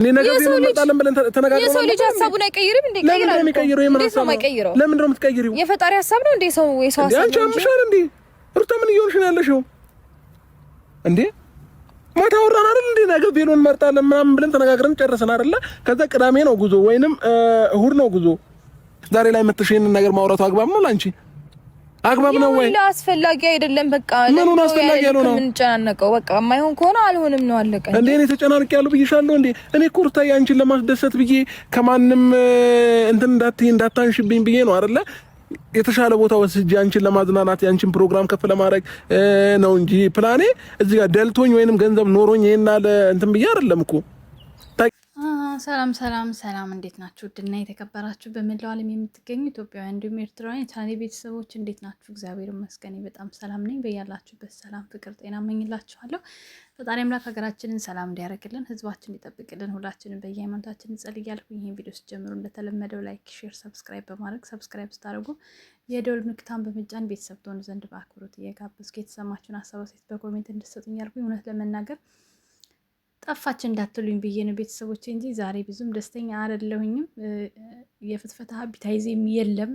እኔ ነገር ቢሆን እንመጣለን ብለን ተነጋግረን የሰው ልጅ ሀሳቡን አይቀይርም እንዴ? ቀይራል። ለምን የሚቀይረው? የምን ሀሳብ ነው የማይቀይረው? ለምን ነው የምትቀይሪው? የፈጣሪ ሀሳብ ነው እንዴ? ሰው የሰው ሀሳብ አንቺ አምሻል እንዴ? ሩታ ምን እየሆንሽ ነው ያለሽው እንዴ? ማታ አወራን አይደል እንዴ? ነገር ቢሆን እንመርጣለን ምናምን ብለን ተነጋግረን ጨረስን አይደለ? ከዛ ቅዳሜ ነው ጉዞ ወይንም እሁድ ነው ጉዞ። ዛሬ ላይ መተሽ ይሄንን ነገር ማውራቱ አግባብ ነው ላንቺ? አግባብ ነው ወይ? አስፈላጊ አይደለም። በቃ ነው አስፈላጊ ያለው ነው የምንጨናነቀው? በቃ የማይሆን ከሆነ አልሆንም ነው አለቀ። እንዴ እኔ ተጨናንቅ ያሉ ብዬሻለሁ እንዴ? እኔ እኮ ሩታዬ አንቺን ለማስደሰት ብዬ ከማንም እንትን እንዳትይ እንዳታንሽብኝ ብዬ ነው አይደለ የተሻለ ቦታ ወስጄ አንቺን ለማዝናናት የአንቺን ፕሮግራም ከፍ ለማድረግ ነው እንጂ ፕላኔ እዚህ ጋር ደልቶኝ ወይንም ገንዘብ ኖሮኝ ይሄና እንትን ብዬ አይደለም እኮ ሰላም ሰላም ሰላም፣ እንዴት ናችሁ? ውድና የተከበራችሁ በመላው ዓለም የምትገኙ ኢትዮጵያውያን እንዲሁም ኤርትራውያን የቻናሌ ቤተሰቦች እንዴት ናችሁ? እግዚአብሔር ይመስገን በጣም ሰላም ነኝ። በያላችሁበት ሰላም፣ ፍቅር፣ ጤና መኝላችኋለሁ። ፈጣሪ አምላክ ሀገራችንን ሰላም እንዲያደርግልን፣ ህዝባችን እንዲጠብቅልን፣ ሁላችንን በየሃይማኖታችን እንጸልይ ይህን ቪዲዮ ስጀምሩ እንደተለመደው ላይክ፣ ሼር፣ ሰብስክራይብ በማድረግ ሰብስክራይብ ስታደርጉ የደወል ምልክቱን በመጫን ቤተሰብ ትሆኑ ዘንድ በአክብሮት እየጋበዝኩ የተሰማችሁን ሀሳብ አስተያየት በኮሜንት እንድትሰጡኝ ያልኩኝ እውነት ለመናገር ጠፋች እንዳትሉኝ ብዬ ነው ቤተሰቦች እንጂ ዛሬ ብዙም ደስተኛ አይደለሁኝም። የፍትፈት ሀቢታይዜም የለም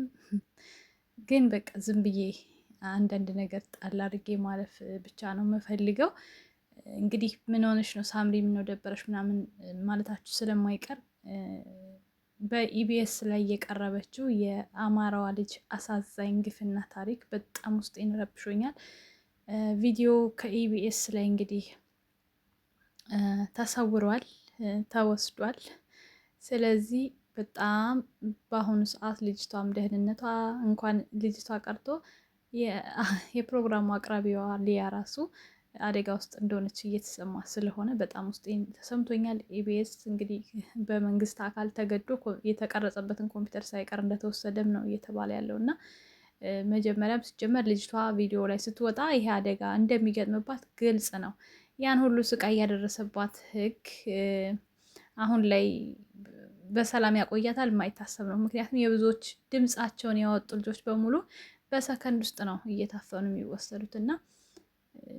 ግን በቃ ዝም ብዬ አንዳንድ ነገር ጣል አድርጌ ማለፍ ብቻ ነው የምፈልገው። እንግዲህ ምን ሆነሽ ነው ሳምሪ፣ ምን ደበረሽ ምናምን ማለታችሁ ስለማይቀር በኢቢኤስ ላይ የቀረበችው የአማራዋ ልጅ አሳዛኝ ግፍና ታሪክ በጣም ውስጤን ረብሾኛል። ቪዲዮ ከኢቢኤስ ላይ እንግዲህ ተሰውሯል፣ ተወስዷል። ስለዚህ በጣም በአሁኑ ሰዓት ልጅቷም ደህንነቷ እንኳን ልጅቷ ቀርቶ የፕሮግራሙ አቅራቢዋ ሊያ ራሱ አደጋ ውስጥ እንደሆነች እየተሰማ ስለሆነ በጣም ውስጥ ተሰምቶኛል። ኢቢኤስ እንግዲህ በመንግስት አካል ተገዶ የተቀረጸበትን ኮምፒውተር ሳይቀር እንደተወሰደም ነው እየተባለ ያለው እና መጀመሪያም ሲጀመር ልጅቷ ቪዲዮ ላይ ስትወጣ ይሄ አደጋ እንደሚገጥምባት ግልጽ ነው። ያን ሁሉ ስቃይ ያደረሰባት ህግ አሁን ላይ በሰላም ያቆያታል የማይታሰብ ነው። ምክንያቱም የብዙዎች ድምፃቸውን ያወጡ ልጆች በሙሉ በሰከንድ ውስጥ ነው እየታፈኑ የሚወሰዱት እና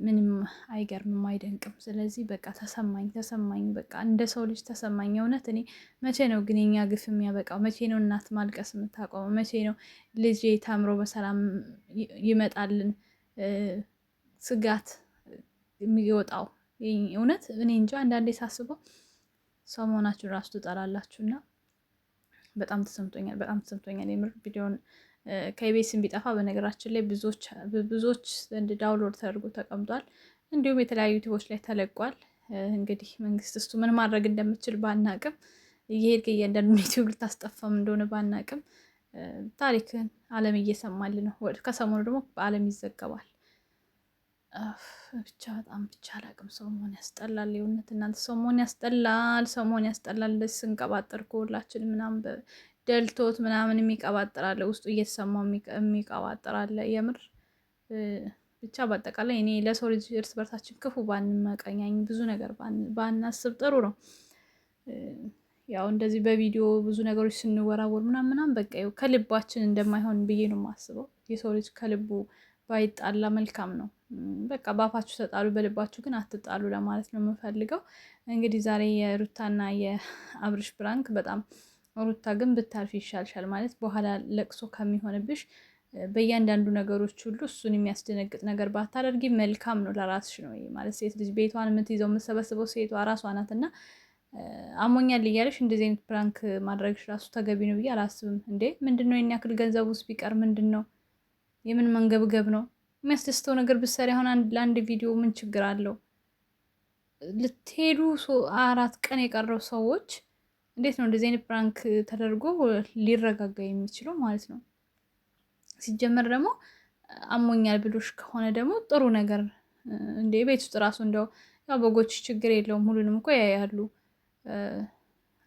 ምንም አይገርምም፣ አይደንቅም። ስለዚህ በቃ ተሰማኝ ተሰማኝ በቃ እንደ ሰው ልጅ ተሰማኝ። እውነት እኔ መቼ ነው ግን የኛ ግፍ የሚያበቃው? መቼ ነው እናት ማልቀስ የምታቆመው? መቼ ነው ልጄ ታምሮ በሰላም ይመጣልን ስጋት የሚወጣው እውነት እኔ እንጂ አንዳንዴ ሳስበው ሰው መሆናችሁን ራሱ ትጠላላችሁ እና በጣም ተሰምቶኛል። በጣም ተሰምቶኛል የምር ቪዲዮን ከኢቤስም ቢጠፋ በነገራችን ላይ ብዙዎች ዘንድ ዳውንሎድ ተደርጎ ተቀምጧል። እንዲሁም የተለያዩ ዩቲቦች ላይ ተለቋል። እንግዲህ መንግስት እሱ ምን ማድረግ እንደምችል ባናቅም እየሄድክ እያንዳንዱን ዩቲዩብ ልታስጠፋም እንደሆነ ባናቅም ታሪክን አለም እየሰማል ነው። ከሰሞኑ ደግሞ በአለም ይዘገባል። ብቻ በጣም ብቻ አላቅም። ሰው መሆን ያስጠላል። የእውነት እናንተ ሰው መሆን ያስጠላል። ሰው መሆን ያስጠላል። ደስ ስንቀባጠር ከሁላችን ምናምን ደልቶት ምናምን የሚቀባጠራለ ውስጡ እየተሰማው የሚቀባጠራለ የምር ብቻ በአጠቃላይ እኔ ለሰው ልጅ እርስ በርሳችን ክፉ ባንመቀኛኝ ብዙ ነገር ባናስብ ጥሩ ነው። ያው እንደዚህ በቪዲዮ ብዙ ነገሮች ስንወራወር ምናምን ምናምን በቃ ከልባችን እንደማይሆን ብዬ ነው የማስበው። የሰው ልጅ ከልቡ ባይጣላ መልካም ነው። በቃ በአፋችሁ ተጣሉ፣ በልባችሁ ግን አትጣሉ ለማለት ነው የምፈልገው። እንግዲህ ዛሬ የሩታና የአብርሽ ብራንክ በጣም ሩታ ግን ብታርፍ ይሻልሻል ማለት በኋላ ለቅሶ ከሚሆንብሽ በእያንዳንዱ ነገሮች ሁሉ እሱን የሚያስደነግጥ ነገር ባታደርጊ መልካም ነው፣ ለራስሽ ነው ማለት። ሴት ልጅ ቤቷን የምትይዘው የምትሰበስበው ሴቷ ራሷ ናት እና አሞኛል እያለሽ እንደዚህ አይነት ፕራንክ ማድረግሽ ራሱ ተገቢ ነው ብዬ አላስብም። እንዴ ምንድን ነው ያክል ገንዘብ ውስጥ ቢቀር ምንድን ነው የምን መንገብገብ ነው? የሚያስደስተው ነገር ብትሰሪ አሁን አንድ ለአንድ ቪዲዮ ምን ችግር አለው? ልትሄዱ አራት ቀን የቀረው ሰዎች እንዴት ነው እንደዚህ አይነት ፕራንክ ተደርጎ ሊረጋጋ የሚችለው ማለት ነው? ሲጀመር ደግሞ አሞኛል ብሎሽ ከሆነ ደግሞ ጥሩ ነገር እንደ ቤት ውስጥ ራሱ እንደው ያው በጎች ችግር የለውም ሁሉንም እኮ ያያሉ።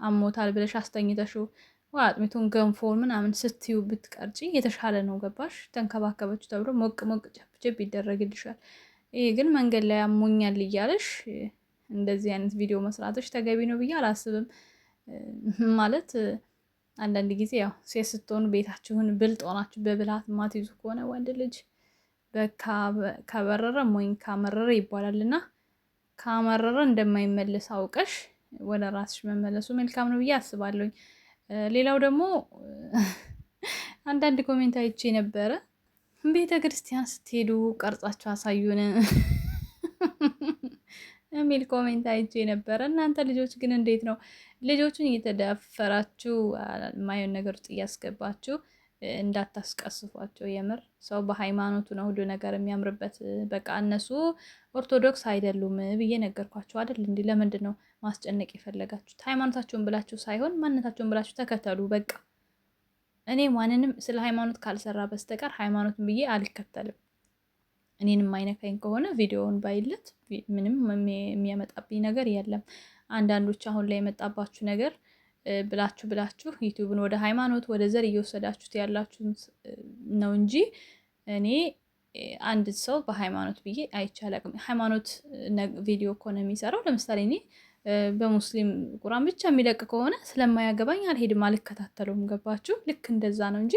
አሞታል ብለሽ አስተኝተሽው አጥሚቱን ገንፎን ምናምን ስትዩ ብትቀርጪ የተሻለ ነው። ገባሽ? ተንከባከበች ተብሎ ሞቅ ሞቅ ጨፍጨፍ ይደረግልሻል። ይሄ ግን መንገድ ላይ አሞኛል እያለሽ እንደዚህ አይነት ቪዲዮ መስራትሽ ተገቢ ነው ብዬ አላስብም። ማለት አንዳንድ ጊዜ ያው ሴት ስትሆኑ ቤታችሁን ብልጥ ሆናችሁ በብልሃት ማትይዙ ከሆነ ወንድ ልጅ ከበረረ ሞኝ ካመረረ ይባላል እና ካመረረ እንደማይመለስ አውቀሽ ወደ ራስሽ መመለሱ መልካም ነው ብዬ አስባለሁኝ። ሌላው ደግሞ አንዳንድ ኮሜንት አይቼ ነበረ፣ ቤተ ክርስቲያን ስትሄዱ ቀርጻችሁ አሳዩን የሚል ኮሜንት አይቼ ነበረ። እናንተ ልጆች ግን እንዴት ነው ልጆቹን እየተዳፈራችሁ ማየን ነገር ውስጥ እያስገባችሁ እንዳታስቀስፏቸው። የምር ሰው በሃይማኖቱ ነው ሁሉ ነገር የሚያምርበት። በቃ እነሱ ኦርቶዶክስ አይደሉም ብዬ ነገርኳቸው አይደል? እንዲህ ለምንድን ነው ማስጨነቅ የፈለጋችሁት? ሃይማኖታቸውን ብላችሁ ሳይሆን ማንነታቸውን ብላችሁ ተከተሉ። በቃ እኔ ማንንም ስለ ሃይማኖት ካልሰራ በስተቀር ሃይማኖትን ብዬ አልከተልም። እኔንም አይነካኝ ከሆነ ቪዲዮውን ባይለት ምንም የሚያመጣብኝ ነገር የለም። አንዳንዶች አሁን ላይ የመጣባችሁ ነገር ብላችሁ ብላችሁ ዩቲዩብን ወደ ሃይማኖት ወደ ዘር እየወሰዳችሁት ያላችሁት ነው እንጂ እኔ አንድ ሰው በሃይማኖት ብዬ አይቻላቅም። ሃይማኖት ቪዲዮ ነው የሚሰራው ለምሳሌ እኔ በሙስሊም ቁራን ብቻ የሚለቅ ከሆነ ስለማያገባኝ አልሄድም፣ አልከታተለውም። ገባችሁ? ልክ እንደዛ ነው እንጂ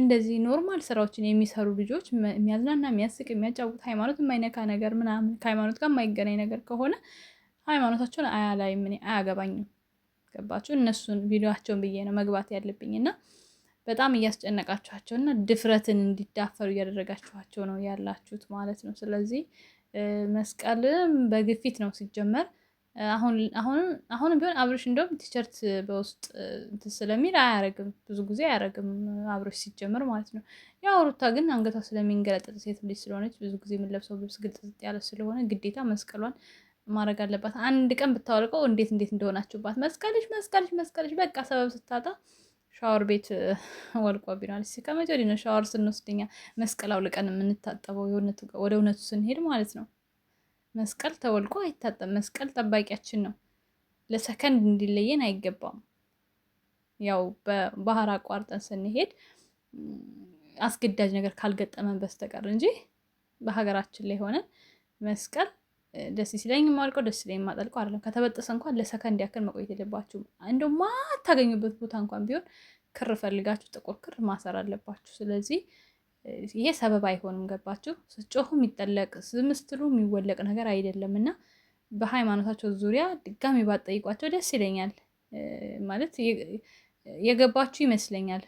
እንደዚህ ኖርማል ስራዎችን የሚሰሩ ልጆች የሚያዝናና፣ የሚያስቅ፣ የሚያጫውት ሃይማኖት የማይነካ ነገር ምናምን ከሃይማኖት ጋር የማይገናኝ ነገር ከሆነ ሃይማኖታቸውን አያላይም፣ አያገባኝም። ገባችሁ? እነሱን ቪዲዮቸውን ብዬ ነው መግባት ያለብኝ እና በጣም እያስጨነቃችኋቸው እና ድፍረትን እንዲዳፈሩ እያደረጋችኋቸው ነው ያላችሁት ማለት ነው። ስለዚህ መስቀልም በግፊት ነው ሲጀመር። አሁንም ቢሆን አብርሽ እንደውም ቲሸርት በውስጥ ስለሚል አያረግም፣ ብዙ ጊዜ አያረግም አብርሽ ሲጀመር ማለት ነው። ያው ሩታ ግን አንገቷ ስለሚንገለጠጥ ሴት ልጅ ስለሆነች ብዙ ጊዜ የምንለብሰው ልብስ ግልጥጥ ያለ ስለሆነ ግዴታ መስቀሏን ማድረግ አለባት። አንድ ቀን ብታወልቀው እንዴት እንዴት እንደሆናችሁባት መስቀልሽ መስቀልሽ መስቀልሽ በቃ ሰበብ ስታጣ ሻወር ቤት ወልቋ ቢናል ሲ ከመቼ ወዲህ ነው ሻወር ስንወስደኛ መስቀል አውልቀን የምንታጠበው? ወደ እውነቱ ስንሄድ ማለት ነው። መስቀል ተወልቆ አይታጠብ። መስቀል ጠባቂያችን ነው። ለሰከንድ እንዲለየን አይገባም። ያው በባህር አቋርጠን ስንሄድ አስገዳጅ ነገር ካልገጠመን በስተቀር እንጂ በሀገራችን ላይ ሆነን መስቀል ደስ ሲለኝ የማወልቀው ደስ ሲለኝ የማጠልቀው አይደለም። ከተበጠሰ እንኳን ለሰከንድ ያክል መቆየት የለባችሁም። እንደው ማታገኙበት ቦታ እንኳን ቢሆን ክር ፈልጋችሁ ጥቁር ክር ማሰር አለባችሁ። ስለዚህ ይሄ ሰበብ አይሆንም። ገባችሁ? ስጮሁ የሚጠለቅ ስምስትሉ የሚወለቅ ነገር አይደለም እና በሃይማኖታቸው ዙሪያ ድጋሚ ባጠይቋቸው ደስ ይለኛል። ማለት የገባችሁ ይመስለኛል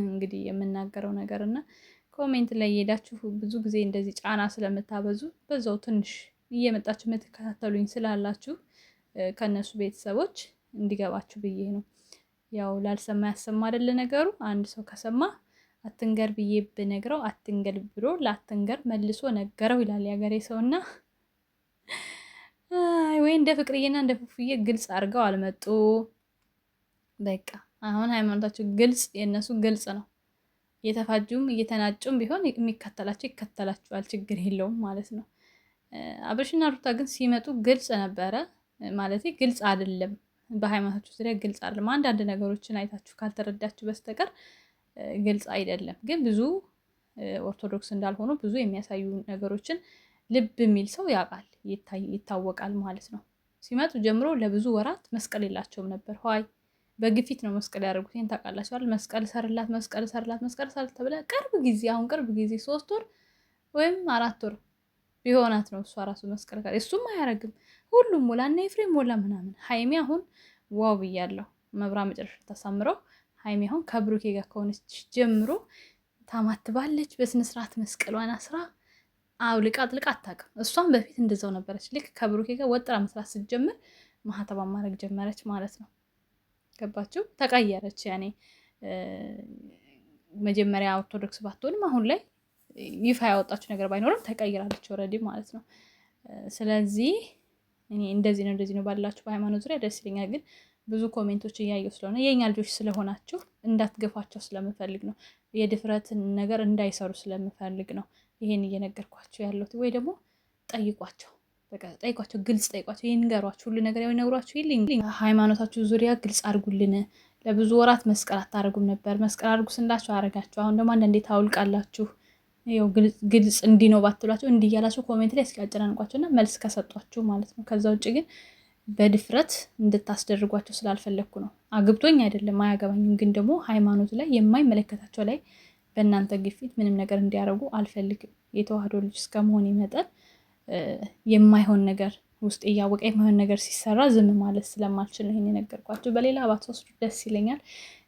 እንግዲህ የምናገረው ነገር እና ኮሜንት ላይ የሄዳችሁ ብዙ ጊዜ እንደዚህ ጫና ስለምታበዙ በዛው ትንሽ እየመጣችሁ የምትከታተሉኝ ስላላችሁ ከእነሱ ቤተሰቦች እንዲገባችሁ ብዬ ነው። ያው ላልሰማ ያሰማ አይደለ ነገሩ። አንድ ሰው ከሰማ አትንገር ብዬ ብነግረው አትንገር ብሎ ለአትንገር መልሶ ነገረው ይላል የሀገሬ ሰውና ወይ እንደ ፍቅርዬና እንደ ፉፉዬ ግልጽ አድርገው አልመጡ። በቃ አሁን ሃይማኖታቸው ግልጽ የእነሱ ግልጽ ነው። እየተፋጁም እየተናጩም ቢሆን የሚከተላቸው ይከተላቸዋል፣ ችግር የለውም ማለት ነው። አብርሽና ሩታ ግን ሲመጡ ግልጽ ነበረ። ማለት ግልጽ አይደለም፣ በሃይማኖታችሁ ዙሪያ ግልጽ አይደለም። አንዳንድ ነገሮችን አይታችሁ ካልተረዳችሁ በስተቀር ግልጽ አይደለም። ግን ብዙ ኦርቶዶክስ እንዳልሆኑ ብዙ የሚያሳዩ ነገሮችን ልብ የሚል ሰው ያውቃል፣ ይታወቃል ማለት ነው። ሲመጡ ጀምሮ ለብዙ ወራት መስቀል የላቸውም ነበር። ሆይ በግፊት ነው መስቀል ያደርጉት። ይህን ታውቃላችሁ መስቀል ሰርላት፣ መስቀል ሰርላት፣ መስቀል ሰርላት ተብለ ቅርብ ጊዜ አሁን ቅርብ ጊዜ ሶስት ወር ወይም አራት ወር ቢሆናት ነው እሷ ራሱ መስከረከር እሱም አያረግም። ሁሉም ሞላ እና ኤፍሬም ሞላ ምናምን ሀይሚ አሁን ዋው ብያለሁ። መብራ መጨረሻ ታሳምረው። ሀይሚ አሁን ከብሩኬ ጋር ከሆነች ጀምሮ ታማትባለች። በስነስርዓት መስቀሏን አስራ አውልቃ አጥልቃ አታውቅም። እሷም በፊት እንደዛው ነበረች። ልክ ከብሩኬ ጋር ወጥራ መስራት ስትጀምር ማህተባ ማድረግ ጀመረች ማለት ነው። ገባችሁ? ተቀየረች። ያኔ መጀመሪያ ኦርቶዶክስ ባትሆንም አሁን ላይ ይፋ ያወጣችው ነገር ባይኖርም ተቀይራለች ኦልሬዲ ማለት ነው። ስለዚህ እኔ እንደዚህ ነው እንደዚህ ነው ባላችሁ በሃይማኖት ዙሪያ ደስ ይለኛል። ግን ብዙ ኮሜንቶች እያየሁ ስለሆነ የእኛ ልጆች ስለሆናችሁ እንዳትገፋቸው ስለምፈልግ ነው። የድፍረትን ነገር እንዳይሰሩ ስለምፈልግ ነው ይሄን እየነገርኳቸው ያለሁት። ወይ ደግሞ ጠይቋቸው ጠይቋቸው ግልጽ ጠይቋቸው፣ ይንገሯችሁ። ሁሉ ነገር ያው ይልኝ ሃይማኖታችሁ ዙሪያ ግልጽ አድርጉልን። ለብዙ ወራት መስቀል አታደርጉም ነበር። መስቀል አድርጉ ስንላችሁ አረጋችሁ። አሁን ደግሞ አንዳንዴ ታውልቃላችሁ። ያው ግልጽ እንዲህ ነው ባትሏቸው እንዲህ እያላቸው ኮሜንት ላይ እስኪያጨናንቋቸው እና መልስ ከሰጧችሁ ማለት ነው። ከዛ ውጭ ግን በድፍረት እንድታስደርጓቸው ስላልፈለግኩ ነው። አግብቶኝ አይደለም አያገባኝም፣ ግን ደግሞ ሃይማኖት ላይ የማይመለከታቸው ላይ በእናንተ ግፊት ምንም ነገር እንዲያደርጉ አልፈልግም። የተዋህዶ ልጅ እስከመሆን መጠን የማይሆን ነገር ውስጥ እያወቀ የማይሆን ነገር ሲሰራ ዝም ማለት ስለማልችል ነው ይሄን የነገርኳቸው። በሌላ ባትወስዱ ደስ ይለኛል።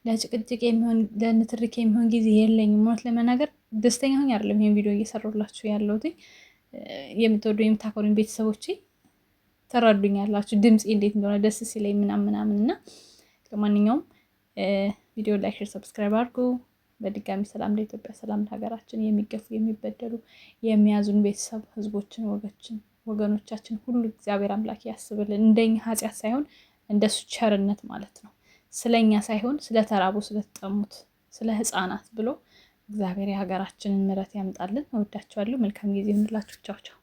ለጭቅጭቅ የሚሆን ለንትርክ የሚሆን ጊዜ የለኝም። እውነት ለመናገር ደስተኛ ሆኝ አይደለም ይህን ቪዲዮ እየሰሩላችሁ ያለሁት። የምትወዱ የምታከሩኝ ቤተሰቦቼ ተረዱኛላችሁ፣ ድምፅ እንዴት እንደሆነ ደስ ሲለኝ ምናምን ምናምን እና ለማንኛውም ቪዲዮ ላይክ፣ ሼር፣ ሰብስክራይብ አድርጉ። በድጋሚ ሰላም ለኢትዮጵያ፣ ሰላም ለሀገራችን። የሚገፉ የሚበደሉ የሚያዙን ቤተሰብ ህዝቦችን፣ ወገችን ወገኖቻችን ሁሉ እግዚአብሔር አምላክ ያስብልን። እንደኛ ኃጢአት ሳይሆን እንደሱ ቸርነት ማለት ነው። ስለኛ ሳይሆን ስለተራቡ፣ ስለተጠሙት፣ ስለ ህፃናት ብሎ እግዚአብሔር የሀገራችንን ምሕረት ያምጣልን። እወዳቸዋለሁ። መልካም ጊዜ ይሁንላችሁ። ቻው ቻው።